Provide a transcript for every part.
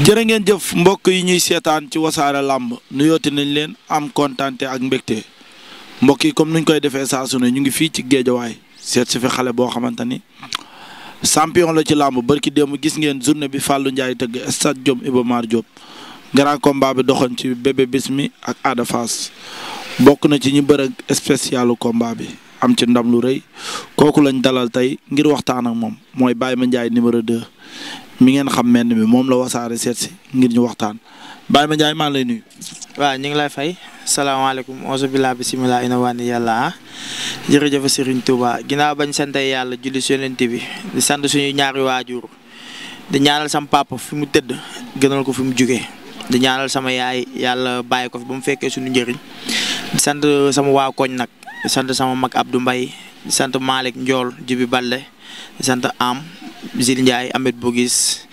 jërë ngeen jëf mbokk yi ñuy seetaan ci wasaare làmb nuyooti nañ leen am kontante ak mbégte mbokk yi comme nuñ koy defee saa su ne ñu ngi fii ci géejawaay seet si fi xale boo xamante ni champion la ci làmb barki démb gis ngeen journée bi fàllu Ndiaye tëgg stade Diom Iba Mar Diop grand combat bi doxoon ci bébé bismi ak Ada Fass bokk na ci ñi bëre spécialu combat bi am ci ndam lu rëy kooku lañ dalal tey ngir waxtaan ak moom mooy Baye Mandiaye numéro 2. mi ngeen xam menn mi moom la wasaare seet si ngir ñu waxtaan Baye Mandiaye maa ngi lay nuyu. waaw ñu ngi lay fay salaamaaleykum auzu billah bismillaahi inna waani yàlla jërëjëf Serigne Touba ginaaw bañ sant yàlla julli si yonent bi di sant suñu ñaari waajur di ñaanal sama papa fi mu tëdd gënal ko fi mu jugee di ñaanal sama yaay yàlla bàyyi ko fi ba mu fekkee suñu njëriñ di sant sama waa koñ nag di sant sama mag Abdou Mbaye di sant Malick njool Jibi Balle. sant am Zil Ndiaye Ahmed Bogis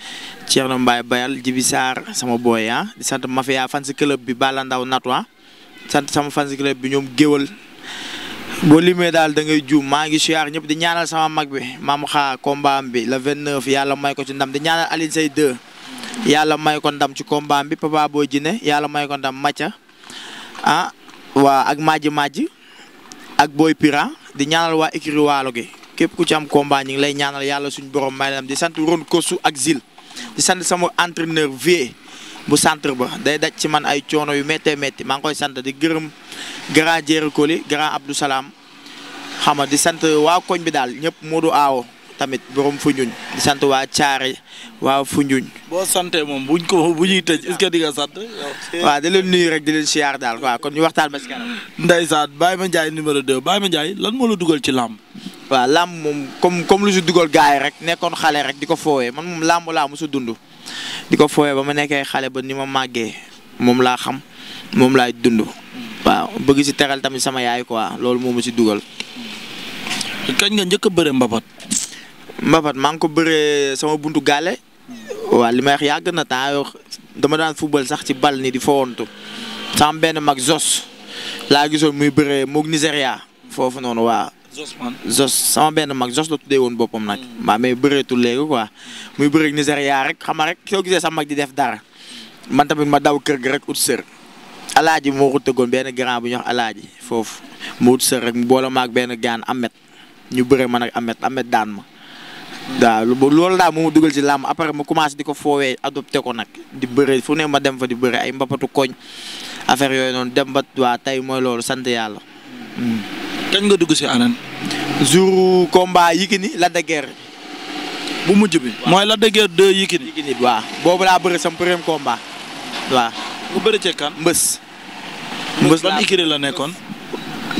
Thierno Mbaye Bayal Jibi Sarr sama booy ah sant Mafia fans club bi Balla Ndaw Natwa ah. sant sama fans club bi ñoom géwal boo limee daal da ngay juum maa ngi siyaar ñëpp di ñaanal sama mag bi mam xaa combat bi la le 29 yàlla may ko ci ndam di ñaanal Alioune Seye 2 yàlla may ko ndam ci combat bi Papa Boy Djiné yàlla may ko ndam Macha ah waa ak Madji Madji ak Boy Pira di ñaanal waa écurie gi képp ku ci am combat ñi ngi lay ñaanal yàlla suñu borom may lam di sant ron kosu ak zil di sant sama entraîneur vie bu centre ba day daj ci man ay coono yu méttee métti maa ngi koy sant di gërëm grand Jéeri Koli grand Abdou Salaam xam di sant waa koñ bi daal ñëpp Modou Awo tamit borom Foundiougne di sant waa Thiaré waa Foundiougne. boo santee moom buñ ko bu ñuy tëj est-ce que di nga sant. waaw di leen nuyu rek di leen siyaar daal waaw kon ñu waxtaan ba si kanam. Ndeysaan Baye Mandiaye numéro 2 lan moo la dugal ci làmb. waaw làmb moom comme comme lu si dugal gars rek nekkoon xale rek di ko foowee man moom làmb laa mosu dund di ko foowee ba ma nekkee xale ba ni ma màggee moom laa xam moom laay dund waa bëgg si teral tamit sama yaay quoi loolu moo ma si dugal. kañ nga njëkk a bëre Mbapat. Mbapat maa ngi ko bëree sama buntu gaale. waa li may wax yàgg na temps dama daan football sax ci bal ni di fowantu sama benn mag Zos laa gisoon muy bëree moog Nigéria foofu noonu waa Zos man Zos sama benn mag Zos la tuddee woon boppam nag. maa mm. mais bëreetul léegi quoi muy bëreeg Nigéria rek xam rek soo gisee sama mag di def dara man tamit ma daw kër gi rek ut sër. Alaaji moo ko tëggoon benn grand bu ñuy wax Alaaji foofu mu ut sër rek mu boole ma benn gaan Amet ñu bëre man ak Amet Amet daan ma. Mm. waaw loolu daa moo ma dugal si làmm après ma commencé di ko foowee adopté ko nag di bëre fu ne ma dem fa di bëre ay mbapatu koñ affaire yooyu noonu dem waa tey mooy loolu sant yàlla. Mm. kañ nga dugg si arène. jour combat Yékini Lac de bu mujj bi. mooy la de Guiers 2 Yékini. Yékini boobu laa bëri sam premier combat. waaw. mu bëri kan. mbës. mbës ban Yékini la nekkoon.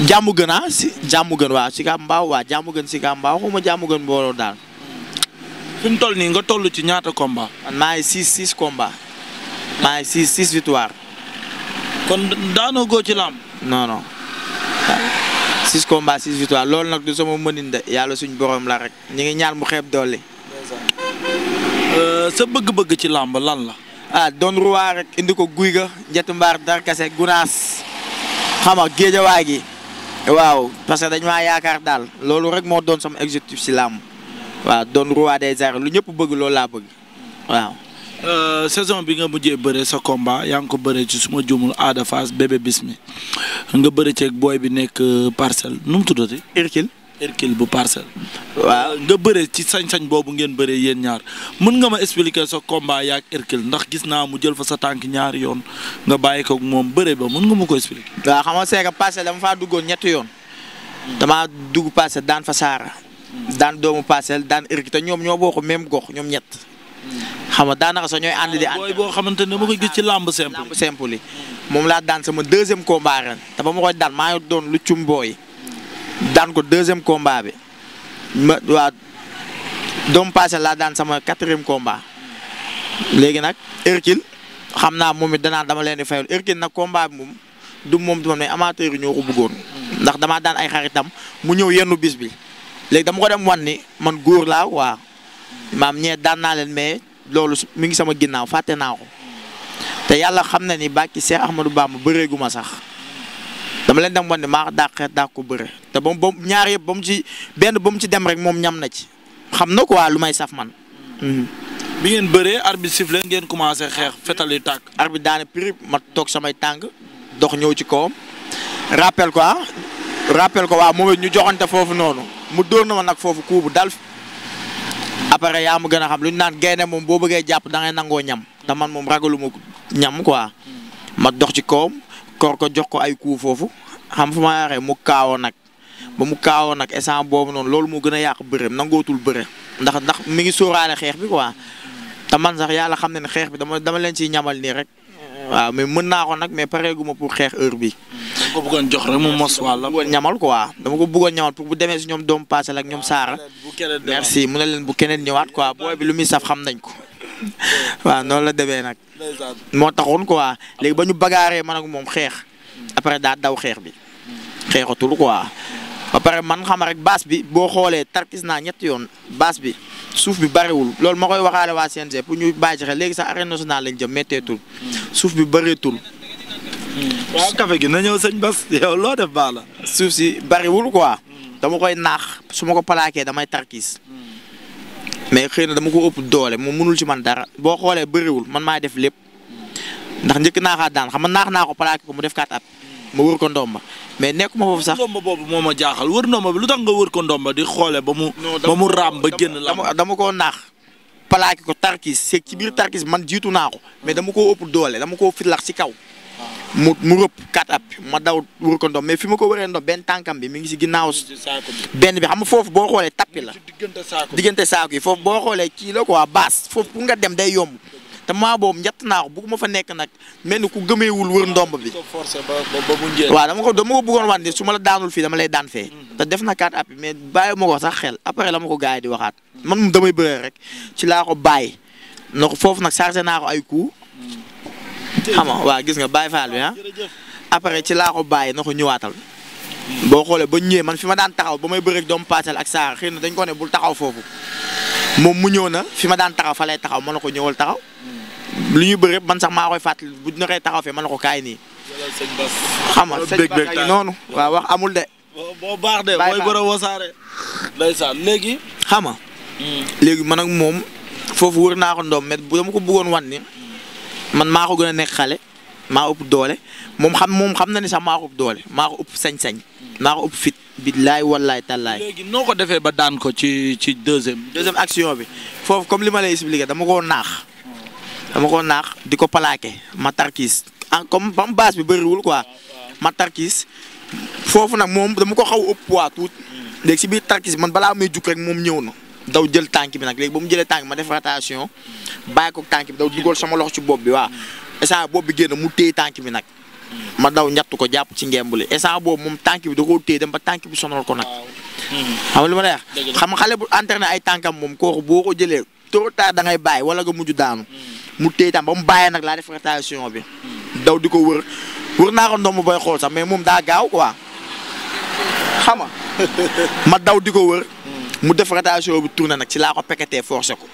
jàmm gën ah si jàmm gën waaw si ka mbaaw waa jàmm gën si ka mbaaw xuma jàmm gën booloo daal. fi mu toll nii nga toll ci ñaata combat. man maa ngi six six combat. maa victoire. kon daanoo góo ci lamb. non six combats six victoires loolu nag du sama mënin de yàlla suñ borom la rek ñu ngi ñaan mu xeeb dolli. Euh, sa bëgg-bëgg ci làmb lan la. ah doon ruwaa rek indi ko guy ga njëtt mbaar darkase gunaas xam nga géejawaay gi. waaw parce que dañu maa yaakaar daal loolu rek moo doon sama objectif si làmb waa doon roi des arènes lu ñëpp bëgg loolu laa bëgg waaw. Euh, saison bi nga mujjee bëre sa combat yaa ngi ko bëre ci suma jumul Ada Fass bébé bismi nga bëre ceeg booy bi nekk euh, parcelle nu mu tuddati. Hercule. Hercule bu parcelle. waaw nga bëre ci sañ-sañ boobu ngeen bëre yéen ñaar mën nga ma expliquer sa combat yaak Hercule ndax gis naa mu jël fa sa tànk ñaari yoon nga bàyyi ko moom bëre ba mën nga mu ko expliquer. waaw xam a c'est que parcelle dama faa duggoon ñetti yoon. damaa dugg parcelle daan fa saara. daan doomu parcelle daan Hercule ñoom ñoo bokk même gox ñoom ñett. xam nga daanaka sax ñooy ànd di. ànd booy boo xamante ne ma koy gis ci moom laa daan sama deuxième combat ren te ba ma koy daan maa ngi doon lu cum daan ko deuxième combat bi ma waa doom passé laa daan sama quatrième combat nag Hercule naa moom it danaa dama leen di fayal Hercule nag combat bi moom du moom dama ne amateur yi ñoo ko bëggoon ndax damaa daan ay xaritam mu ñëw yenn bis bi léegi dama ko dem wan man góor la waa maam ñee daan naa leen mais. loolu mi ngi sama ginnaaw fàtte naa ko te yàlla xam na ni bàkki Cheikh Ahmadou Bamba bëreegu ma sax dama leen dem woon ne maa dàq dàq ko bëre te ba mu ñaar yëpp ba mu ci benn ba mu ci dem rek moom ñam na ci xam na waa lu may saf man. Mhm. bi ngeen bëree arbitre sifflé ngeen commencé xeex fetal yi tàkk. arbitre daane prix ma toog samay tàng dox ñëw ci kawam rappel ko ah rappel ko waaw moom ñu joxante foofu noonu mu dóor na ma nag foofu kuubu dal après yaa ma gën a xam lu ñu naan gaynde moom boo bëggee jàpp da ngay nangoo ñam te man moom ragalu ma ñam quoi ma dox ci kawam kor ko jox ko ay coups foofu xam fu ma waxee mu kaawoo nag ba mu kaawoo nag instant boobu noon loolu moo gën a yàq bëreem nangootul bëre ndax ndax mi ngi sóoraale xeex bi quoi te man sax yàlla xam ne ne xeex bi dama dama leen ciy ñamal nii rek waaw mais mën naa ko nag mais pareeguma pour xeex heure bi dama ko bëggoon jox rek mu mos wàll. dama ko bëggoon ñamal quoi dama ko bëggoon ñamal pour bu demee si ñoom doomu paase la ak ñoom Saara. merci mu ne leen bu keneen ñëwaat quoi booy bi lu muy saf xam nañ ko. waaw noonu la demee nag. moo taxoon quoi léegi ba ñu bagaaree man ak moom xeex. après daa daw xeex bi. Mm. xeexatul quoi. ba pare man xam rek baas bi boo xoolee tarkis naa ñetti yoon baas bi suuf bi bariwul loolu ma koy waxaale waa CNG pour ñu bàyyi xel léegi sax arène nationale lañ jëm métteetul suuf bi bëreetul. Hmm. waaw gi na ñëw sëñ Bas loo def la. suuf si bëriwul quoi. dama koy naax su ma ko plaqué damay tarkis. Hmm. mais xëy na dama ko ëpp doole mu mënul ci man dara boo xoolee bariwul man maa def lépp. ndax njëkk naaxaat daan xam nga naax naa ko plaqué ko mu def kaat at. ma wër ko ndomba mais ma foofu sax. ndomba boobu moo ma jaaxal wër ndomba bi lu tax nga wër ko ndoom ndomba di xoole ba mu. ba mu raam ba génn la dama koo naax. palaaki ko tarkis seeg ci biir tarkis man jiitu naa ko mais dama ko ëpp doole dama koo fitlax ci kaw. mu mu rëpp kat ab ma daw wër ko ndomb mais fi ma ko wëree ndomb benn tànkam bi mi ngi si ginnaaw benn bi xam nga foofu boo xoolee tappi la diggante saako yi foofu boo xoolee kii la quoi baas foofu pour nga dem day yomb te moment boobu njett naa ko bugguma fa nekk nag mel ni ku gëmeewul wër ndomb bi. waaw dama ko dama ko bëggoon wax ne su la daanul fii dama lay daan fee. Mm-hmm. te def na quatre appuis mais bàyyi ma ko sax xel après la ma ko di waxaat. man moom damay rek ci laaxo ko bàyyi ndax foofu nag chargé naa ko ay ku mm-hmm. xam waa gis nga bàyyi faal bi ah. ci laaxo ko bàyyi na ko ñëwaatal. boo xoolee ba ñëwee man fi ma daan taxaw ba may bëreeg doomu paaseel ak saar xëy na dañ ko ne bul taxaw foofu moom mu ñëw na fi ma daan taxaw fa lay taxaw ma ne ko ñëwal taxaw lu ñu bëri man sax maa koy fàttali bu ñu koy taxaw fee ma ne ko kaay nii. xam nga noonu. waaw amul de. boo baax de mooy borom léegi. xam nga. Hmm. léegi man ak moom foofu wër naa ko ndoom mais bu dama ko bëggoon wan ni man maa ko gën a nekk xale maa ëpp doole moom xam moom xam na ni sax maa ko doole maa ko sañ-sañ maa ko fit. bi billaay wallaay tallaay. léegi noo ko defee ba daan ko ci ci deuxième. deuxième action bi foofu comme li ma lay expliqué dama koo naax. dama koo naax di ko plaqué ma tarkiis ah comme bam baas bi bëriwul quoi ma tarkiis foofu nag moom dama ko xaw ëpp waa tuut léegi si biir tarkiis man balaa may jukk rek moom ñëw na. daw jël tànk bi nag léegi ba mu jëlee tànk bi ma def rotation bàyyi ko bi daw dugal sama loxo ci bopp bi waaw instant bopp bi génn mu tànk bi nag. ma daw ñattu ko jàpp ci ngemb li instant boobu moom tànk bi da koo téye dem ba tànk bi sonal ko nag. Hmm. Hmm. xam ma lay wax. xam xale bu entraîné ay tànkam moom kooku boo ko jëlee trop tard da ngay bàyyi wala nga mujj daanu. Hmm. mu téye tam ba mu bàyyee nag laa def bi. daw di ko wër wër naa ko ndomb bay xool sax mais moom daa gaaw quoi xam nga ma daw di ko wër. mu def rotation bi tourné nag ci laa ko pekatee forcé ko.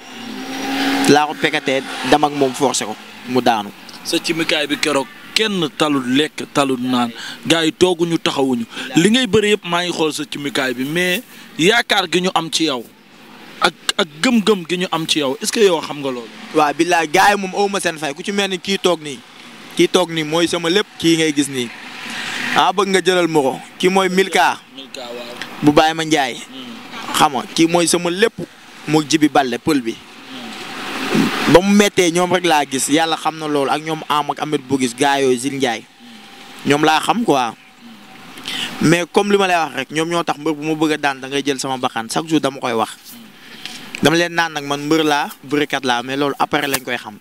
laa ko pekatee dem moom forcé ko mu daanu. sa kenn talut lekk talut naan gars yi tooguñu taxawuñu li ngay bëri yëpp maa ngi xool sa cumikaay bi mais yaakaar gi ñu am ci yow ak ak gëm-gëm gi ñu am ci yow est-ce que yow xam nga loolu. waaw billaay gars yi moom awma seen fay ku ci mel ni kii toog nii kii toog nii mooy sama lépp kii ngay gis nii ah bëgg nga jëlal ma ko kii mooy Milka. bu bàyyi ma njaay. Hmm. xam kii mooy sama lépp mu jibi balle pël bi. ba mu méttee ñoom rek laa gis yàlla xam na loolu ak ñoom am ak amet bu gis gaa yooyu Zil Ndiaye ñoom laa xam quoi mais comme li ma lay wax rek ñoom ñoo tax mbër bu ma bëgg a daan da ngay jël sama bakkan chaque jour dama koy wax dama leen naan nag man mbër laa bërikat laa mais loolu après lañ koy xam.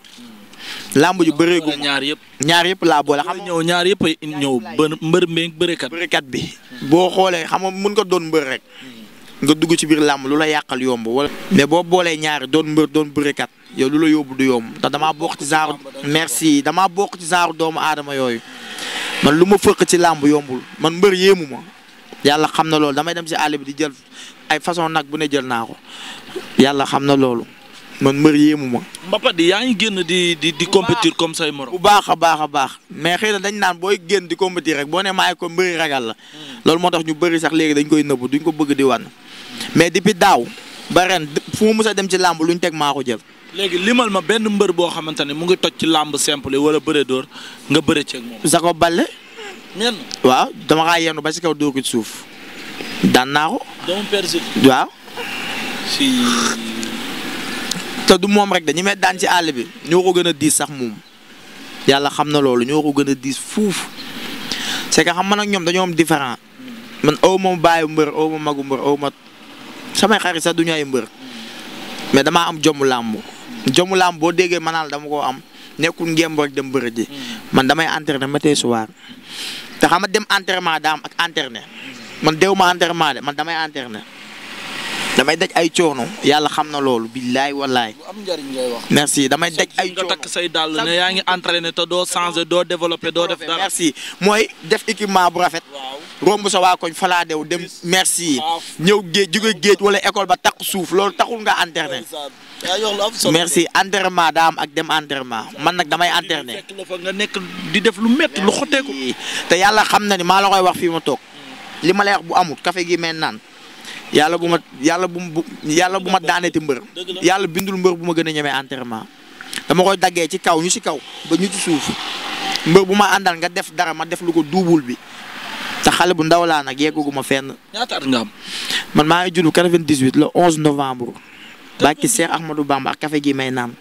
làmb ju bëreegu ñaar yëpp ñaar yëpp laa boole xam ñëw ñaar yëpp ñëw mbër mbër mbërekat. bërekat bi boo xoolee xam nga mën ko doon mbër rek nga dugg ci biir làmb lu la yàqal yomb wala. mais boo boolee ñaari doon mbër doon bërekat yow lu la yóbbu du yomb dama damaa bokk ci genre merci damaa bokk ci genre doomu aadama yooyu man lu ma fëq ci làmb yombul man mbër yéemu ma yàlla xam na loolu damay dem si àll bi di jël ay façon nag bu ne jël naa yàlla xam na loolu man mbër yéemu ma. Mbapat di yaa ngi génn di di di compétir comme say morom. bu baax a baax a baax mais xëy na dañ naan booy génn di compétir rek boo ne maay ko mbëri ragal la hmm. loolu moo tax ñu bari sax léegi dañ koy nëbbu duñ ko bëgg di wan. mais depuis daaw ba ren fu mu mus a dem ci làmb lu ñu teg maa ko jël. léegi limal ma benn mbër boo xamante ne mu ngi toj ci làmb simple wala bëre door nga bëre ceeg moom. Jacob Baldé. ñenn waaw dama kaa yendu ba ci suuf daan naa ko. doomu persil moom rek dañu may daan ci àll bi ñoo ko gën a diis sax moom yàlla xam na loolu ñoo ko gën a diis fuuf c'est que xam man ak ñoom dañoom am différent man aw ma bàyyi mbër aw ma mbër aw ma samay xarit sa du ñu mbër mais damaa am jomu làmb jomu làmb boo déggee ma dama koo am nekkul ngémb rek dem mbër ji man damay entraîné matin soir te xam dem entraînement daam ak entraîné man dew ma entraînement de man damay entraîné. damay daj ay coono yàlla xam na loolu billaay wallaay. bu am njëriñ ngay merci damay daj ay coono nga takk say dàll ne yaa ngi entraîné te doo changer doo développer doo def dara. merci mooy def équipement bu rafet. romb sa waa koñ falaa dew dem. merci ñëw géej jóge géej wala école ba takk suuf loolu taxul nga entraîné. merci entraînement daa am ak dem entraînement man nag damay entraîné. nga nekk di def lu métti lu xoteeku. te yàlla xam na ni maa la wax fii ma toog. Hmm. li ma lay wax bu amut café gi mel naan. yàlla bu ma yàlla bu ma yàlla bu ma daaneeti mbër. yàlla bindul mbër bu ma gën a ñemee entraînement. dama koy daggee ci kaw ñu ci kaw ba ñu ci suuf mbër bu ma àndal nga def dara ma def lu ko duubul bi te xale bu ndaw laa nag yeggagu ma fenn. ñaata at nga am. man maa ngi la 98 le 11 novembre. bàkki Seex Ahmadou Bamba ak gi may naan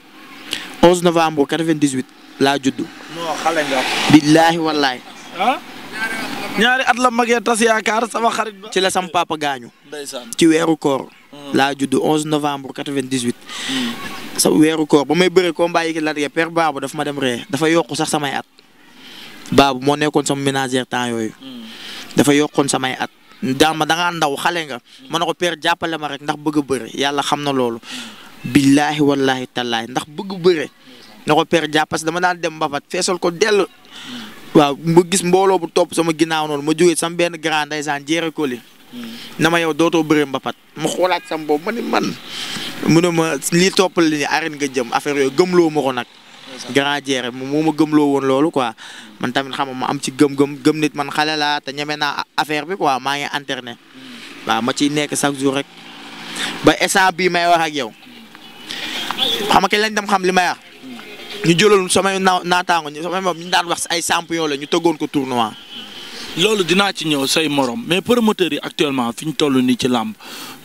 11 novembre 98 laa judd. non xale nga. billaahi wallaahi. Ah? ñaari at la magee tas yaakaar sama xarit ci la sam papa gaañu. ndeysaan ci weeru koor. laa judd 11 novembre 98. weeru koor ba may bëre ko yi ki laaj père Babou daf ma dem ree dafa yokk sax samay at. Babou moo nekkoon sama minager temps yooyu. dafa yokkoon samay at. daa ma da ngaa ndaw xale nga. ma ne ko père jàppale ma rek ndax bëgg a bëre yàlla xam na loolu. billaahi wallaahi tallaahi ndax bëgg bëre. na ko père jàppa parce que dama daan dem mbapat feesal ko dell. waaw ma gis mbooloo bu topp sama ginnaaw noonu ma jógee sama benn grand ndeysaan jeere koli hmm. na ma yow dootoo bëre mbapat ma xoolaat sam boobu ma ni man mu ne ma lii toppal li ni arène nga jëm affaire yooyu gëmloo ma ko nag grand jeere moo ma gëm loo woon loolu quoi man tamit xam ma am ci gëm-gëm gëm nit man xale laa te ñeme naa affaire bi quoi maa ngi internet hmm. waaw ma ciy nekk chaque jour rek ba instant bi may wax ak yow xam lañ dem xam li may ñu jëloon samay na naataango samay moom ñu daan wax ay champion la ñu tëggoon ko tournoi. loolu dinaa ci ñëw say morom mais promoteurs yi actuellement fi ñu toll nii ci làmb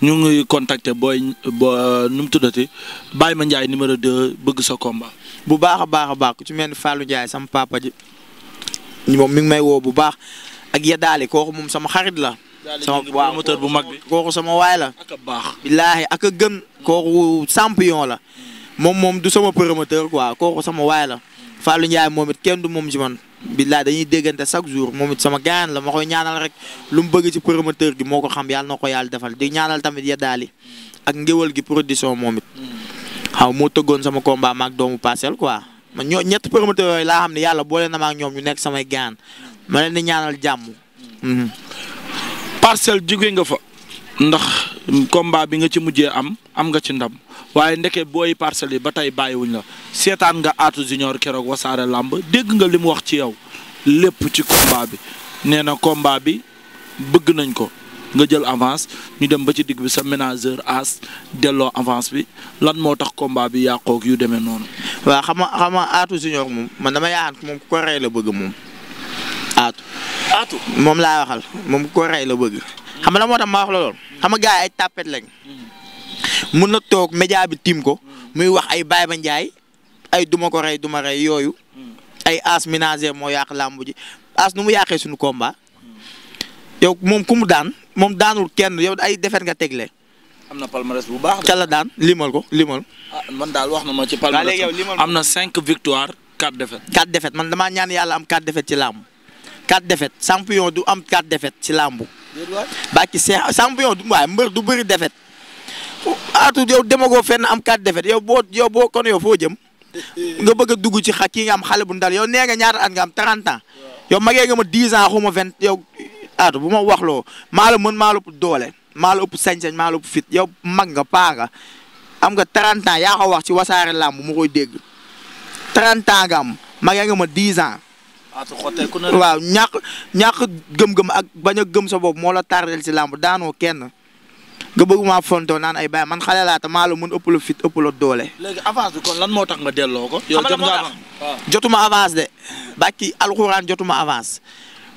ñu ngi contacter booy ba nu mu tuddati Baye Ma Ndiaye numéro 2 bëgg sa combat. bu baax a baax a baax ku ci mel ni Fallou Ndiaye sama papa ji moom mi ngi may woo bu baax ak Yadaali kooku moom sama xarit la. sama promoteur bu mag bi kooku sama waay la. ak a baax billaahi ak a gën kooku champion la. moom moom du sama promoteur quoi kooku sama waay la Fallou Ndiaye moom it kenn du moom ci man billaay dañuy déggante chaque jour moom it sama gaan la ma koy ñaanal rek lu mu bëgg ci promoteur gi moo ko xam yàlla na ko yàlla defal di ñaanal tamit yeddaali ak ngéwal gi production moom it moo tëggoon sama combat maag doomu parcelle quoi man ñoo ñett promoteur yooyu laa xam ne yàlla boole na ma ak ñoom ñu nekk samay gaan ma leen di ñaanal jàmm. parcelle jóge nga ndax combat bi nga ci mujjee am am nga ci ndam waaye ndeke booy parcelles ba tey bàyyiwuñ la seetaan nga Atou Junior keroog wasaare làmb dégg nga li mu wax ci yow lépp ci combat bi nee na combat bi bëgg nañ ko nga jël avance ñu dem ba ci digg bi sa ménageur as delloo avance bi lan moo tax combat bi yàqoog yu demee noonu. waa xam nga xam nga Atou Junior moom man dama yaakaar moom ku la bëgg moom Atou. Atou moom laa moom ku ko rey la bëgg. xam nga la moo tax ma wax la lool xam a gars yi ay tàppet lañ mun na toog média bi tiim ko muy wax ay Baye Ba Ndiaye ay duma ko rey duma rey yooyu ay as ménager moo yàq làmb ji as nu mu yàqee suñu combat yow moom ku mu daan moom daanul kenn yow ay defet nga tegle. am na palmarès bu baax la daan limal ko limal. ah daal wax na ma ci palmarès am na cinq victoire quatre défaites. quatre défaites man damaa ñaan yàlla am quatre défaites ci làmb quatre défaites champion du am quatre défaites ci làmb. bàkki Cheikh champion du waaye mbër du bëri defet aatu yow demagoo fenn am quatre defet yow boo yow boo kon foo jëm nga bëgg dugg ci xa kii nga am xale bu ndal yow nee nga ñaata at nga am 30 ans yow magee nga ma 10 ans xuma vingt yow bu ma waxloo maa la mën maa doole maa la ëpp sañ fit yow mag nga paa nga am nga 30 ans yaa ko wax ci wasaare làmb mu koy dégg 30 ans nga am magee nga ma 10 ans waaw ñàkk ñàkk gëm-gëm a bañ gëm sa bopp moo la tardel si làmb daanoo kenn nga bëgg maa fontoo naan ay bàyyi man xale laa te maa la mën ëpp la fit ëpp la doole. léegi avance bi lan moo tax nga delloo ko. yow jot nga avance jotuma avance de. bàkki alxuraan jotuma avance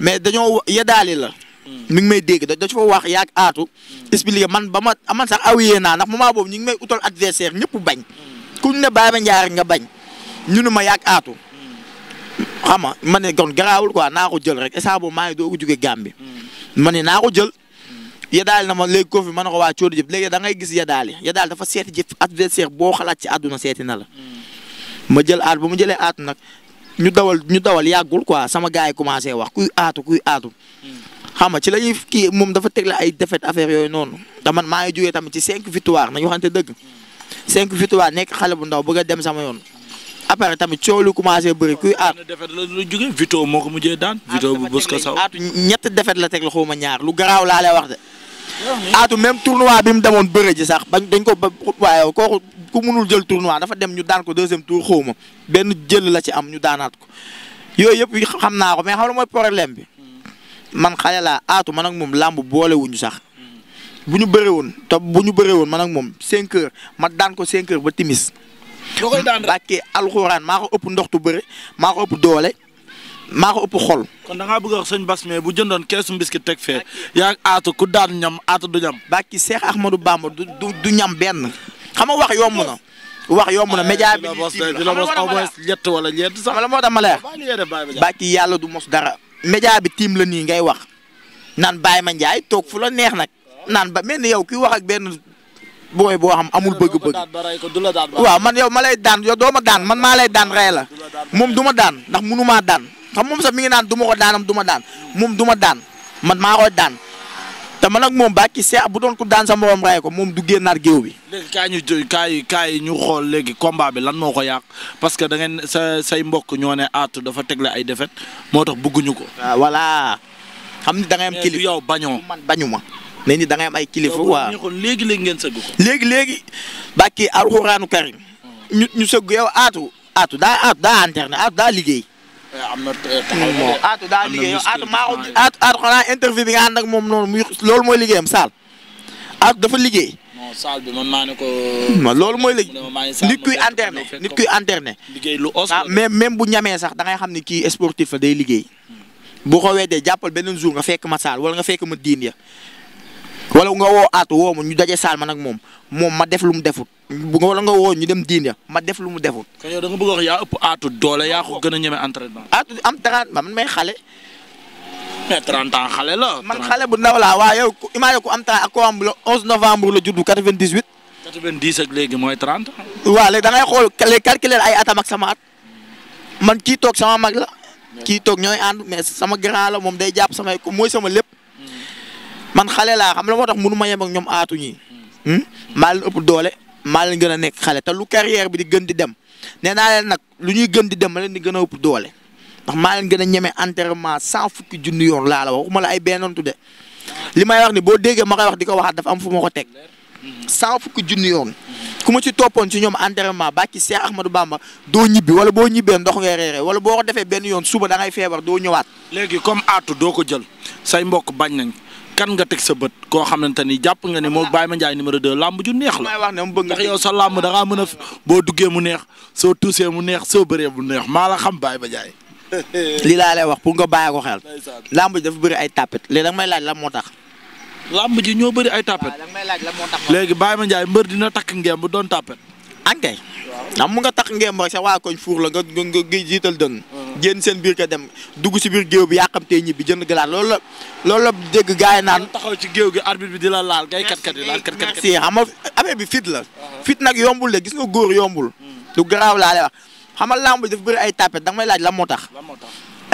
mais dañoo yeddaali la. Hmm. mi ngi may dégg da dafa wax yaak aatu. Hmm. expliqué man ba ma man sax awiyee naa ndax moment boobu ñu ngi may utal adversaire ñëpp bañ. Hmm. ku ñu ne Baye Mandiaye nga bañ ñu ne ma yaag aatu. xam nga ma ne kon garaawul quoi naa ko jël rek instant boobu maa ngi doog a jugee Gambie. Mm. ma ne naa ko jël. Mm. yadaal na ma léegi koo fi mën na ko waa coono da ngay gis yadaal yi yadaal dafa seeti jëf adversaire boo xalaat ci àdduna seeti na la. Mm. ma jël aat ba mu jëlee aatu nag ñu dawal ñu dawal yàggul quoi sama gars yi commencé wax kuy aatu kuy aatu. xam nga ci la ñuy kii moom dafa tegle ay défaite affaire yooyu noonu te man maa ngi jógee cinq victoire nañu waxante dëgg. cinq victoire a dem sama yoon. après tamit coow lu commencé bëri kuy aat. defet la lu jóge Vito moo ko mujjee daan. Vito ñett defet la teg la xaw ma ñaar lu garaaw laa lay wax de. aatu même tournoi bi mu demoon bëre sax bañ dañ ko ba waaye kooku ku munul jël tournoi dafa dem ñu daan ko deuxième tour xaw ma benn jël la ci am ñu daanaat ko yooyu yëpp xam naa ko ma xam la mooy problème bi man xale laa ma man moom làmb boole wuñu sax mm. bu ñu bëre woon te bu ñu bëre woon man ak moom 5 ma daan ko 5 ba timis. bàkkee alxuraan maa ko ëpp ndoxtu bëri maa ko ëpp doole maa ko ëpp xol. kon da ngaa bëgg sëñ Bas mais bu jëndoon keesu mbiskit teg fee yaa aatu ku daan ñam aatu du ñam. bàkki Cheikh Ahmadou Bamba du du ñam benn xam nga wax yomb na. wax yomb na média bi di la mos wala ñeent sax la moo tax ma leer yàlla du mos dara média bi tiim la nii ngay wax naan ma Mandiaye toog fula neex nag naan ba mel ni yow ki wax ak benn booy boo xam amul bëgg-bëgg. waaw man yow ma lay daan yow daan man maa lay daan rey la moom du ma daan ndax munu daan xam moom sax mi ngi naan duma ma ko daanam du ma daan moom du daan man maa koy daan te man ak moom bàkki see bu doon ko daan sa morom rey ko moom du génnaat géew bi. léegi kaay ñu kaay kaay ñu xool léegi combat bi lan moo ko yàq parce que da ngeen sa say mbokk ñoo ne aatu dafa tegle ay défaite moo tax bëgguñu ko. Ah, voilà xam ni da ngay am kilifa yow bañoo man bañu ma. mais nit da ngay am ay kilifa waaw kon léegi léegi ngeen sëgg ko. léegi léegi bàkki alxuraanu karim ñu ñu sëgg yow aatu aatu daa aatu daa internet aatu daa liggéey. Eh, am na eh, taxaw aatu daa liggéey yow aatu maa ko aatu aatu xanaa interview bi nga ànd moom noonu muy loolu mooy liggéeyam Saal aatu dafa liggéey. saal bi man maa ne ko. loolu mooy léegi nit kuy internet nit kuy internet. liggéey lu os ah, même même bu ñamee sax dangay xam ni kii sportif day liggéey. Hmm. bu ko weddee jàppal beneen jour nga fekk ma saal wala nga fekk ma diin ya wala nga woo aatu woo ñu daje saal ma nag moom moom ma def lu mu defut wala nga woo ñu dem diin ya ma def lu mu defut. kon yow da nga bëgg wax yaa ëpp aatu doole yaa ko gën a ñeme entraînement. aatu am dara man may xale. mais 30 ans xale la. man xale bu ndaw la waaye yow imagine ku am temps ak ko am la 11 novembre la juddu 98. 90 ak léegi mooy trent waaw léegi da ngay xool les calculer ay atam ak sama at man kii toog sama mag la. kii toog ñooy ànd mais sama grand la moom day jàpp samay ko sama lépp. man xale laa xam la moo tax mënu ma yem ak ñoom aatu ñi hmm? maa leen ëpp doole maa leen gën a nekk xale te lu carrière bi di gën di dem nee naa leen nag lu ñuy gën di dem ma leen di gën a ëpp doole ndax maa leen gën a ñeme enterrement cent fukki junni yoon laa la wax waxuma la ay benn de li may wax ni boo déggee ma koy wax di ko waxaat dafa am fu ma ko teg cent fukki junni yoon ku ma ci toppoon ci ñoom enterrement ba ci Cheikh Ahmadou Bamba doo ñibbi wala boo ñibbee ndox ngay wala boo ko defee benn yoon suba da ngay feebar doo ñëwaat. léegi comme aatu doo ko jël say mbokk bañ nañ kan nga teg sa bët koo xamante ni jàpp nga ni moo ma Mandiaye numéro 2 làmb ju neex la ndax yow sa làmb da ngaa mën a boo duggee mu neex soo tuusee mu neex soo bëree mu neex maa la xam ba jaay li laa lay wax pour nga bàyyi ko xel làmb ji dafa bëri ay tapet léegi danga may laaj la moo tax làmb ji ñoo bëri ay tapet léegi ma Mandiaye mbër dina takk ngemb doon tapet ankay ndax mu nga tax ngeem rek sax waa koñ fuur la nga nga nga jiital mm. seen biir ka dem dugg si biir géew bi yàqamtee ñibbi jënd galaat loolu la loolu la dégg gars yi naan taxaw ci géew gi arbitre bi di la laal ngay kat kat di laal kat kat si xam nga affaire bi fit la uh-huh. fit nag yombul de gis nga góor yombul du mm. garaaw laa lay wax xam nga lamb bi dafa bëri ay tapet danga may laaj lan moo tax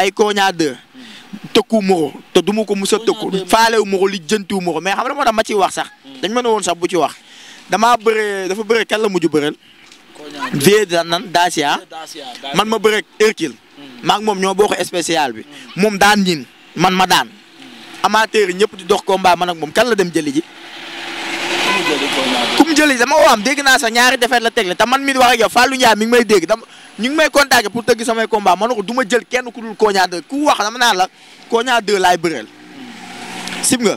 ay koña deux mm. tëkku moro te du ma ko mu a tëkku faalewu moro li jëntiwu moro mais xam nga moo ma ciy wax sax dañ mën woon sax bu wax damaa bëree dafa bëree kan la mujj bëreel. vie nan Dacia man ma bëreeg Hercule. Hmm. maak moom ñoo ko spécial bi. Hmm. moom daan ñin man ma daan. Hmm. amateur yi ñëpp di dox combat man ak moom kan la dem jëli ji. ku mu jëli dama woo am dégg naa sax ñaari defet la tegle te man mi di wax ak yow Fallou mi ngi may dégg dama ñu ngi may contacter pour tëgg samay combat man ko du jël kenn ku dul Kogna 2 ku wax dama naa la Kogna 2 laay bëreel. sib nga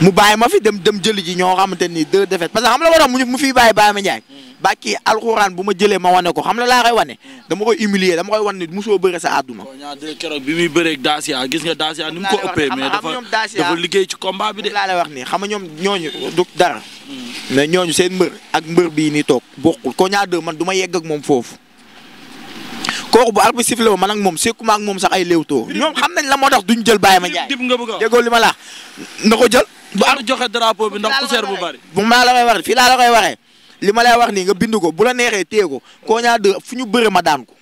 mu bàyyi ma fi dem dem jëli ji ñoo xamante ni deux défaites parce que xam la moo tax mu mu fiy bàyyi bàyyi ma Ndiaye bàkki alxuraan bu ma jëlee ma wane ko xam la laa koy wane dama koy humilier dama koy wan ni mosoo sa àdduna ñaar bi muy bëreeg gis nga Dacia ni mu ko ëppee mais liggéey ci combat bi de laa lay xam nga ñoom ñooñu du dara hmm. mais ñooñu seen mbër ak mbër bii nii toog bokkul ko ñaa de man du ma yegg ak moom foofu ko bu arbitre sifflé ma man ak moom sekkuma ak moom sax ay léewtoo ñoom xam nañ la moo tax duñ jël bàyyi ma Ndiaye déggoo li ma la na ko jël bu am joxe drapeau bi ndax poussière bu bari bu maa la koy wax fii laa la koy waxee li ma lay wax nii nga bind ko bu la neexee téye ko Kogna 2 fu ñu bëre ma daan ko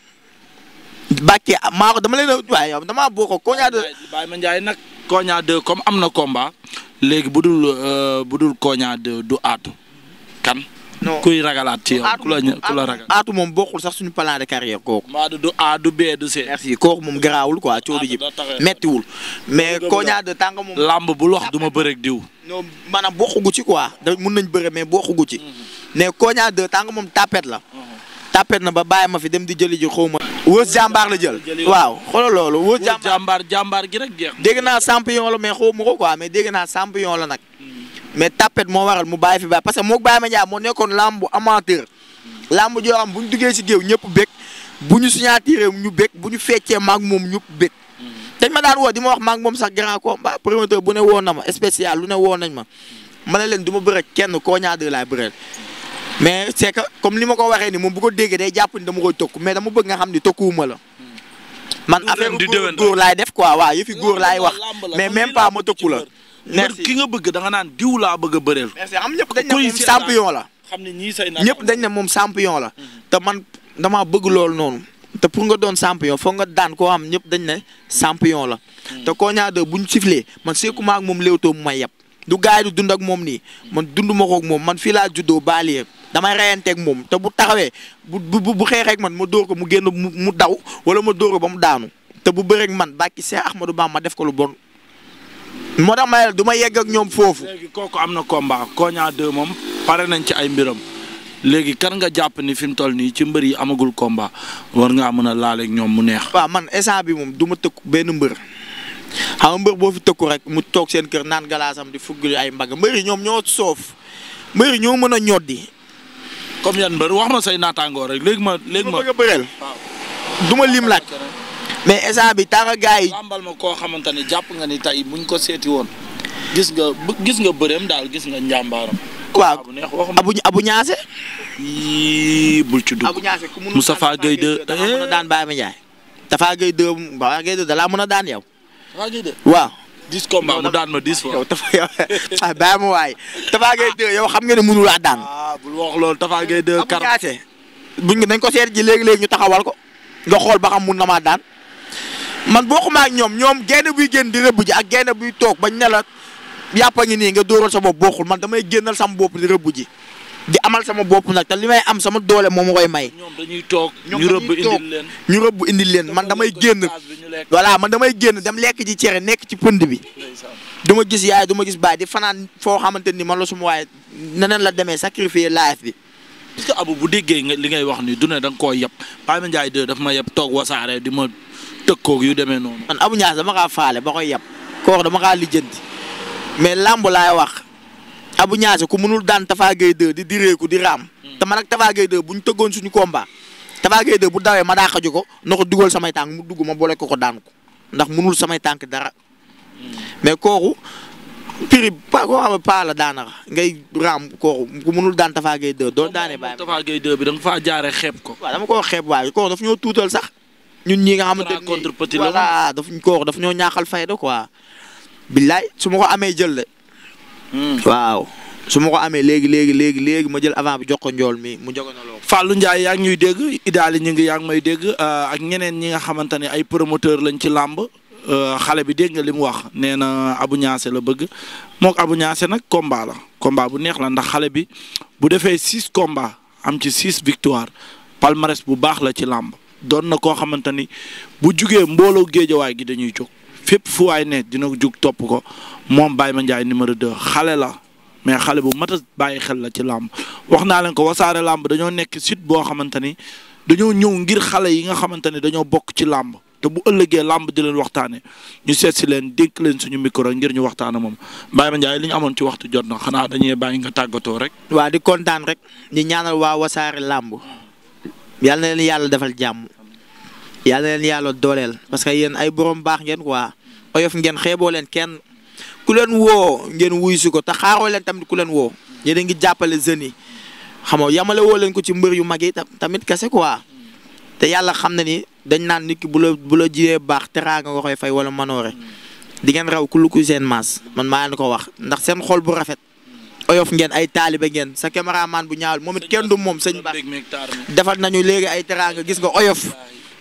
bàkkee maa ko dama leen a waaye yow damaa boo ko Kogna 2 Ndiaye nag Kogna comme am na combat léegi bu dul euh, bu dul Kogna du aatu kan kuy ragalaat ci yow. ku la ku la ragal aatu moom bokkul sax suñu plan de carrière kooku. maadu du A du B du C. merci kooku moom garaawul quoi coodu ji mettiwul. mais Kogna de tàng moom. làmb bul wax du ma bëreeg diw. non maanaam bokkugu ci quoi da mun nañ bëre mais bokkugu ci. Mhm. mais Kogna de tàng moom tapet la. Mhm. tapet na ba bàyyi ma fi dem di jëli ji xaw ma. wës jàmbaar la jël waaw xoolal loolu. wës jàmbaar jàmbaar gi rek jeex. dégg naa champion la mais xaw ma ko quoi mais dégg naa champion la nag. mais tapet moo waral mu bàyyi fi bàyyi parce que moog Baye Mandiaye moo nekkoon lambu amateur lambu joo am bu ñu duggee si géew ñëpp bég bu ñu signature ñu bég bu ñu feccee maag moom ñëpp bég dañ ma daan woo di ma wax maag moom sax grand combat promoteur bu ne woo na ma spécial lu ne woo nañ ma ma ne leen du ma bëre kenn Kogna 2 laay bëreel mais c'est que comme ni ma ko waxee ni moom bu ko déggee day jàpp ni dama koy tokk mais dama bëgg nga xam ni tokkuwuma la man affaire góor laay def quoi waaw yëfi góor laay wax mais même pas ma tokku la merci ki nga bëgg da nga naan diw laa bëgg a bëreel. am ñëpp dañ ne moom champion la. xam ne ñii say naan ñëpp dañ ne moom champion la. Mhm. te man dama bëgg loolu noonu. te pour nga doon champion foog nga daan koo am ñëpp dañ ne champion la. Mhm. te Kogna 2 buñ siflee man seekuma ak moom léewtoo mu may yab. du gars du dund ak moom nii man dund ma ko moom man fii laa juddoo baaliye damay reyanteek moom te bu taxawee bu bu bu xeexeeg man ma dóor ko mu génn mu daw wala ma dóor ko ba mu daanu te bu bëreeg man bàkki Seex Ahmadou Bamba ma def ko lu bon. moo tax ma ne du ma yegg ak ñoom foofu. kooku am na komba Kogna 2 moom pare nañ ci ay mbiram léegi kan nga jàpp ni fi mu toll nii ci mbër yi amagul komba war ngaa mën a laaleeg ñoom mu neex. waaw man instant bi moom duma ma tëkku benn mbër xam mbër boo fi tëkku rek mu toog seen kër naan galaasam di fuggali ay mbagg mbër yi ñoom ñoo soof mbër yi ñoo mën a ñoddi. comme yan mbër wax ma say naataangoo rek léegi ma léegi ma du ma lim laaj. mais instant bi tax a gars yi. làmbal ma koo xamante ne jàpp nga ni tey buñ ko seeti woon gis nga gis nga bëreem daal gis nga njàmbaaram. waaw abu abu ñaase. bul ci dugg. abu ñaase ku mun Moustapha Gueye de dafa mën a daan Baye Mandiaye. Eh? Tafa Gueye de Baye Gueye de dalaa mën a daan yow. Tafa Gueye de waaw. dix combats mu daan ma dix fois yow Tafa yow ah bàyyi ma waay Tafa Gueye de yow xam nga ne mënul a daan. ah bul wax loolu Tafa Gueye de. abu ñaase buñ dañ ko seet ji léegi léegi ñu taxawal ko nga xool ba xam mun na maa daan. man bokkuma ak ñoom ñoom génn buy génn di rëbb ji ak génn buy toog bañ ne la yàppa ngi nii nga dooral sa bopp bokkul man damay génnal sama bopp di rëbb ji di amal sama bopp nag te li may am sama doole moom ma koy may. ñoom dañuy toog ñu rëbb indil leen ñu rëbb indil leen man damay génn. voilà man damay génn dem lekk ji cere nekk ci pënd bi. du ma gis yaay du ma gis baay di fanaan foo xamante ni man la suma waaye neneen la demee sacrifier life bi. parce que Abou bu déggee li ngay wax ni du ne da nga koo yab Baye ma yab toog wasaare di ma tëkkoog yu demee noonu. man Abou Niass dama faale ba koy yab koo dama kaa lijjanti mais làmb laay wax Abou Niass daan Tafa Gueye di direeku di raam. Hmm. te man ak Tafa Gueye 2 bu ñu tëggoon suñu combat Tafa Gueye 2 bu dawee ma daa xaju ko na ko dugal samay tànk mu dugg ma boole ko ko daan ko ndax mënul samay tànk dara hmm. mais kooku prix pa daan Tafa Gueye 2 doo daanee bàyyi. Tafa Gueye da nga faa jaaree xeeb ko. waaw dama koo xeeb waaye kooku daf ñoo ñun ñi nga xamante ni contre petit la voilà ñu ko daf ñoo ñaaxal fayda quoi. billaay su ma ko amee jël de. Hmm. waaw su ma ko amee léegi léegi léegi léegi ma jël avant bi jox ko njool mi mu jox ko na Ndiaye yaa ngi ñuy dégg idaal ñu ngi yaa ngi may dégg euh, ak ñeneen ñi nga xamante ne ay promoteur lañ ci làmb euh, xale bi dégg nga li mu wax nee na Abou la bëgg mook Abou Niasse nag combat la combat bu neex la ndax xale bi bu defee six combat am ci six victoire palmarès bu baax la ci làmb. doon na koo xamante ni bu jugee mbooloo géejawaay gi dañuy jóg fépp fu waay ne dina jug topp ko moom ma Mandiaye numéro 2 xale la mais xale bu mat a bàyyi xel la ci làmb wax naa leen ko wasaare làmb dañoo nekk site boo xamante ni dañoo ñëw ngir xale yi nga xamante ni dañoo bokk ci làmb te bu ëllëgee làmb di leen waxtaane ñu seet leen dénk leen suñu micro ngir ñu waxtaane moom Baye Mandiaye li ñu amoon ci waxtu jot na xanaa dañuy bàyyi nga tàggatoo rek. waa di kontaan rek di na leen yàlla defal jàmm yàlla na leen yàlla dooleel parce que yéen ay borom baax ngeen quoi oyof ngeen xeeboo leen kenn ku leen woo ngeen wuy si ko te xaaroo leen tamit ku leen woo yéen a ngi jàppale jeunes yi xam nga yamale woo leen ko ci mbër yu mag yi tamit kese quoi te yàlla xam na ni dañ naan nit ki bu la bu la jiyee baax teraanga nga koy fay wala manoore di ngeen raw ku lu seen maas man maa leen ko wax ndax seen xool bu rafet oyof ngeen ay taalibe ngeen sa maan bu ñaawal moom it kenn du moom sëñ ba defal nañu léegi ay teraanga gis nga oyof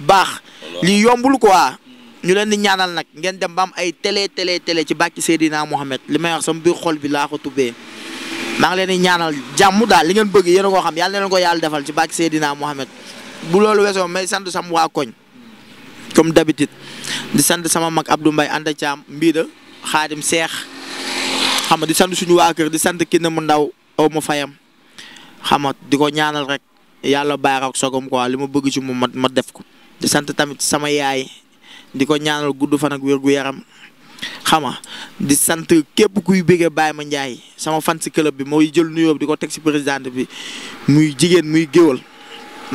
baax lii yombul quoi hmm. ñu leen di ñaanal nag ngeen dem ba ay télé télé télé ci bàcc Seydina Mohamed li may wax sam biir xol bi laa ko tubbee maa ngi leen di ñaanal jàmm daal li ngeen bëgg yéen a ko xam yàlla na leen ko yàlla defal ci bàcc Seydina bu loolu weesoo may sant sama waa koñ hmm. comme d'habitude di sant sama mag Abdou Mbaye Anta Thiam Mbida Xaadim Seex xam nga di sant suñu waa kër di sant na mu ndaw aw ma fayam xama di ko ñaanal rek yàlla baax ak sogom quoi li ma bëgg ci moom ma ma def ko. di sant tamit sama yaay di ko ñaanal gudd fan ak wér gu yaram xam nga di sant képp kuy bëggee Baye ma Ndiaye sama fan si club bi mooy jël nuyoo di ko teg si présidente bi muy jigéen muy géwal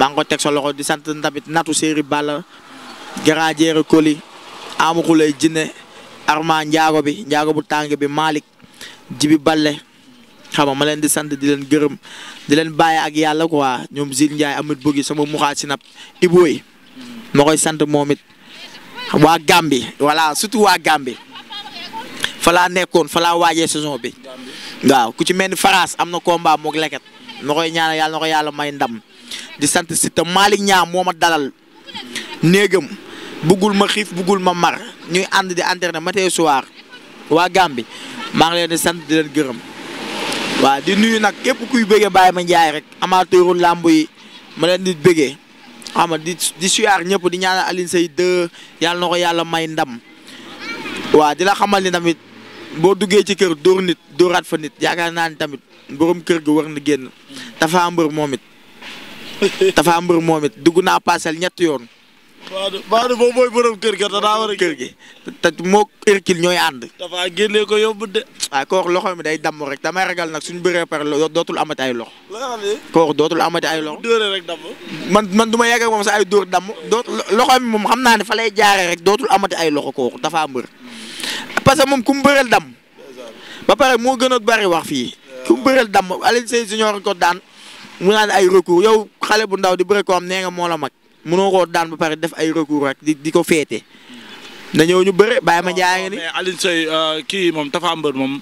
maa ngi ko teg sa loxo di sant tamit natu séeri Balla garaajeere Koli amuxulay jinne Arma njaago bi njaago bu tàng bi Malick Jibi Balle xam nga ma leen di sant di leen gërëm di leen bàyyi ak yàlla ko quoi ñoom Zil Ndiaye amit bëgg sama muxaat si nab Ibooy ma koy sant moom it waa Gambie voilà surtout waa Gambie falaa laa nekkoon fa laa waajee saison bi waaw ku ci mel ni Faras am na combat moog leket ma koy ñaanal yàlla na ko yàlla may ndam di sant Siteu Malick Niang moo ma dalal néegam buggul ma xiif buggul ma mar ñuy ànd di entraîner matin soir waa Gambie maa ngi leen di sant di leen gërëm waa di nuyu nag képp kuy bëggee ma Mandiaye rek amateuru làmb yi ma leen di bëggee. xam di di suyaar ñëpp di ñaanal Alioune Seye 2 yàlla na ko yàlla may ndam waaw di xamal ni tamit boo duggee ci kër dóor nit dóoraat fa nit yaakaar naa ni tamit borom kër gi war na génn dafa am mbër moom it dafa am mbër moom dugg naa parcelle ñetti yoon. Badou Badou moom mooy borom kër gi te daa war a kër gi te moo ñooy ànd. dafa génnee ko yóbbu de. waaw kooku loxo mi day damm rek damay ragal nag suñu bëree par dootul amati loxo. la dootul amati ay loxo. dóore rek man man du ma yegg moom sax ay dóor dam dootul loxo mi moom xam naa ne fa lay jaare rek dootul amati ay loxo kooku dafa mbër. parce que moom ku mu dam damm. ba pare moo gën a wax fii. ku mu bëreel damm Alioune Sèye ko daan mu naan ay recours yow xale bu ndaw di bëre ko am nee moo la mag mënoo ko daan ba pare def ay recours rek di ko ko féete. ñëw ñu bëre bàyyi ma jaay nga ni Alioune Seye euh, kii moom Tapha mbër moom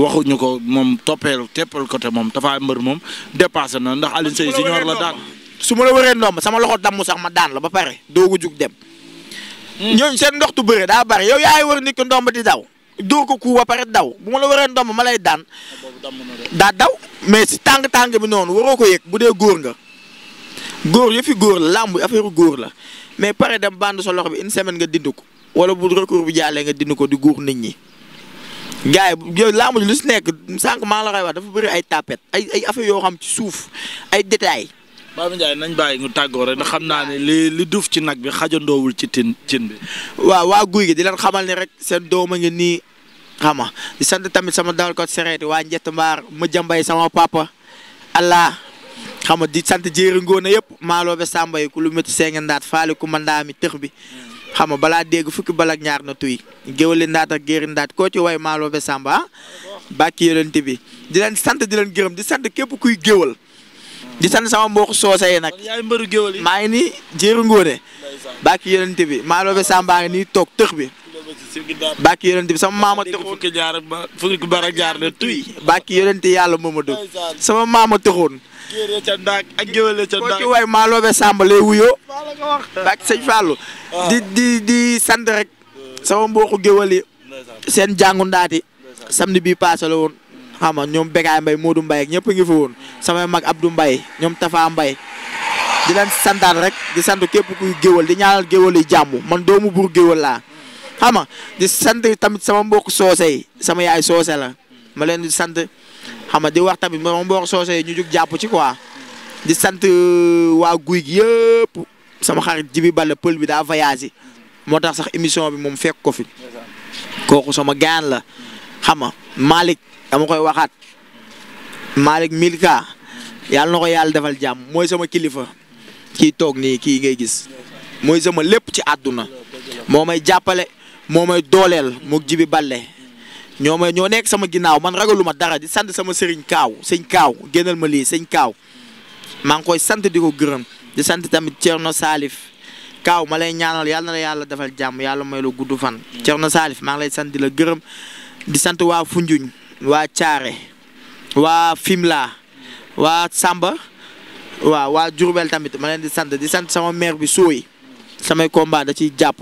waxuñu ko moom toppeel teppal côté moom Tapha mbër moom dépassé na ndax Alioune Seye junior la daan su ma la wëree ndomb sama loxo damm sax ma daan la ba pare doo doogu jug dem hmm. ñooñ seen ndox ndoxtu bëre daa bari yow yaay wër nit ko ndomb di daw dóor ko ku ba pare daw bu ma la wëree ndomb ma lay daan daa daw mais si tàng tàng bi noonu waroo ko yëg bu dee góor nga góor yëfi góor làmb affaire góor la mais pare dem bànd sa loxo bi une semaine nga dind ko wala bu recours bu jàllee nga dind ko di guux nit ñi. gars yi yow làmb lu si nekk sànq maa la koy dafa bëri ay tàppet ay ay affaire yoo xam ci suuf ay détails. Babou Ndiaye nañ bàyyi ñu tàggoo rek ndax xam naa ne li li duuf ci nag bi xajandoowul ci tin tin waaw waa guy gi di leen xamal rek seen doom a ngi nii xam di sant tamit sama dawal ko waa Njett Mbaar ma jambay sama papa allah. xam nga di sant jéeri ngoone yëpp maaloobe sàmba yi ku lu métti seenga ndaat faali ku ma ndaa mi tëx bi xam nga balaa dégg fukki balak ñaar na tuy géwali ndaat ak géeri ndaat koo ci way maaloobe sàmba ah bàkki yonent bi di leen sant di leen gërëm di sant képp kuy géwal di sant sama mbokk soose yi nag maa ngi ni jéeri ngoone bàkki yonent bi maaloobe sàmba ngi nii toog tëx bi bàkki yonent bi sama maama tëxoon fukki jaar ba a bara jaar na yàlla mooma sama maama tëxoon ko ci waay maa loobe sàmba lay wuyoo bàkki ah. sama mbokku géwal seen jàngu ndaati samedi bi passé la woon ñoom Begaay Mbaye Modou Mbaye ak ñëpp ngi fa woon samay mag Abdou Mbaye ñoom Tafa Mbaye di leen santaan rek di sant képp kuy géwal di ñaanal géwal jàmm man doomu buur géwal laa xam nga di sant tamit sama mbok soose sama yaay soose la ma leen di sant xam nga di wax tamit sama mbokk soose ñu jug jàpp ci quoi di sant uh, waa guy gi sama xarit jibi bala pël bi daa voyagé moo tax sax émission bi moom fekk ko fi kooku sama gaan la xama nga Malick koy waxaat Malick Milka yàlla na ko yàlla defal jàmm mooy sama kilifa kii toog nii kii ngay gis mooy sama lépp ci àdduna moo may jàppale moo may dooleel mu jibi balle ñoo may ñoo nekk sama ginnaaw man ragalu ma dara di sant sama sëriñ kaaw sëñ kaaw génnal ma lii sëñ kaaw maa ngi koy sant di ko gërëm di sant tamit Thierno Salif kaaw ma lay ñaanal yàlla yàlla defal jàmm yàlla may la gudd fan. Thierno Salif maa ngi lay sant di la gërëm di sant waa funjuñ waa caare waa Fimela waa sàmba waaw waa Diourbel tamit ma leen di sant di sant sama maire bi sooy samay kombaa da ciy jàpp.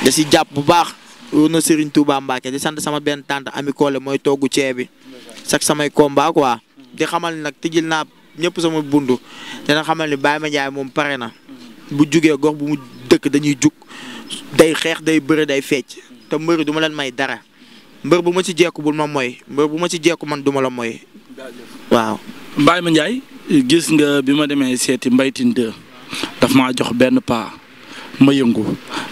da si jàpp bu baax wóor na Serigne Touba Mbacke di sant sama benn tante Ami mooy togg ceeb bi sax samay combat quoi di xamal nag tijjil naa ñëpp sama buntu dina xamal ni Baye Mandiaye moom pare na bu jugee gox bu mu dëkk dañuy jug day xeex day bëre day fecc te mbër duma ma may dara mbër bu ma ci jekku bul ma mooy mbër bu ma ci jekku man duma la mooy waaw. Baye Mandiaye gis nga bi ma demee seeti mbaytin 2 daf maa jox benn paa ma yëngu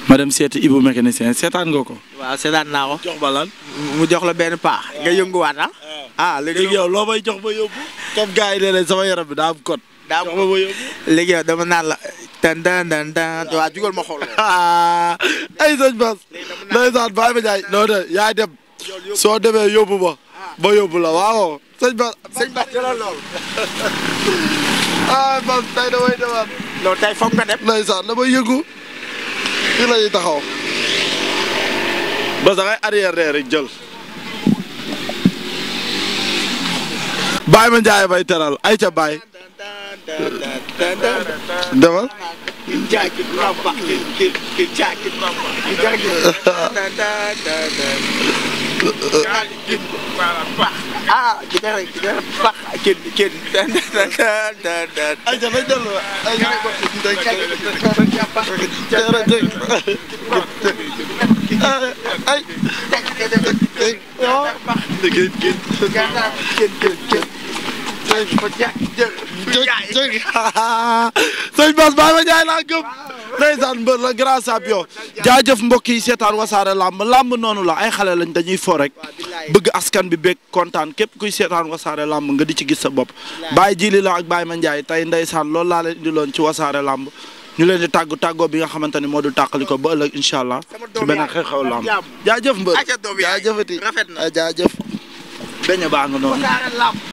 ma dem seeti Ibou mécanicien seetaan nga seetaan naa ko. mu jox la benn paa. nga yënguwaat ah. ah, ah léegi yow loo may jox ba yóbbu. comme gars yi léeg-léeg sama yaram bi daa am code. daa am code léegi yow ah, ma xool. Ah. ay sëñ yaay dem. soo demee yóbbu ma. ba yóbbu la waaw. sëñ Bas sëñ Bas jëlal lool. ah Bas tey damay demaat. loolu tey foog nga dem. ndeysaan damay yëngu. fii la ñuy taxaw. ba da ngay arrière ree rek jël. Baye ma Ndiaye bay teral ay ca Baye. demal. ah ki dara ki dara baax kenn kenn daan daan daan daan. ayca lañ dellu ay ñooy bokk ci dëkk ay ay. sëñ Bass Baye Mandiaye laa gëm ndeysaan mbër la grand champion jaajëf mbokk yi seetaan wasaare làmb làmb noonu la ay xale lañ dañuy fo rek bëgg askan bi bëgg kontaan képp kuy seetaan wasaare làmb nga di ci gis sa bopp baay Jili la ak ma Mandiaye tey ndeysaan lool laa leen indiloon ci wasaare lamb ñu leen di tàggu tàggoo bi nga xamante ni moo di tàqali ko ba ëllëg incha allah ci beneen xew-xew làmb jaajëf mbër jaajëfati jaajëf beñ baa nga noonu